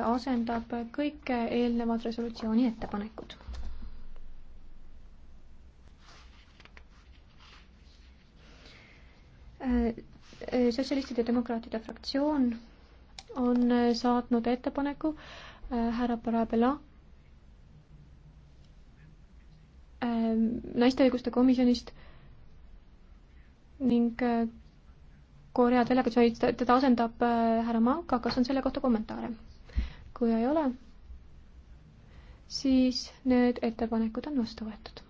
asendab kõik eelnevad resolutsiooni ettepanekud. sotsialistide ja demokraatide fraktsioon on saatnud ettepaneku äh, härra Parabela äh, naiste õiguste komisjonist ning äh, Korea delegatsioonist, teda asendab härra Manka, kas on selle kohta kommentaare? kui ei ole, siis need ettepanekud on vastu võetud.